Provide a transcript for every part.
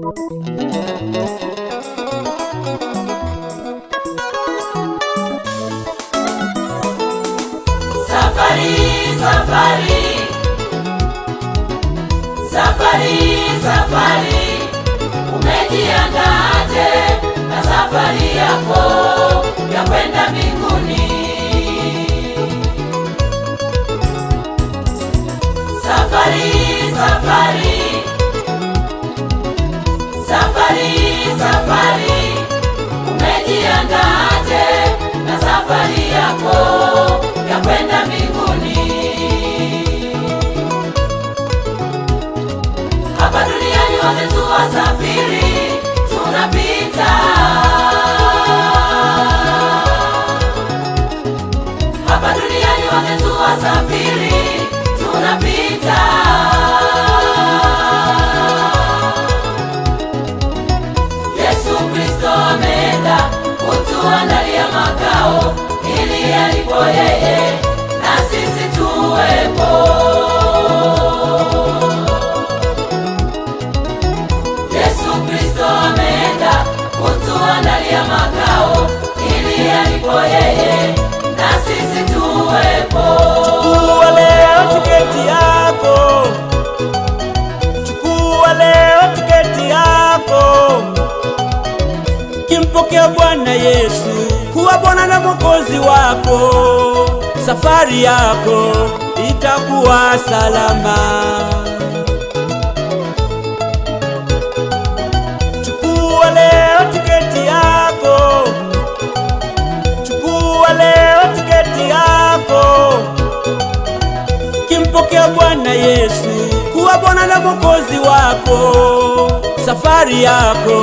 Safari, safari Safari, safari o mediano. Tusimame tuwasafiri, tunapita hapa duniani wote, tuwasafiri, tunapita Yesu Kristo ameenda kutuandalia makao ili alipo yeye Mpokea Bwana Yesu kuwa Bwana na Mwokozi wako. Safari yako itakuwa salama. Chukua leo tiketi yako, chukua leo tiketi yako, kimpokea Bwana Yesu kuwa Bwana na Mwokozi wako. Safari yako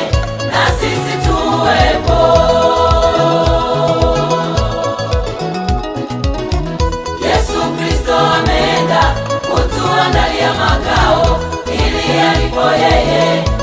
yeye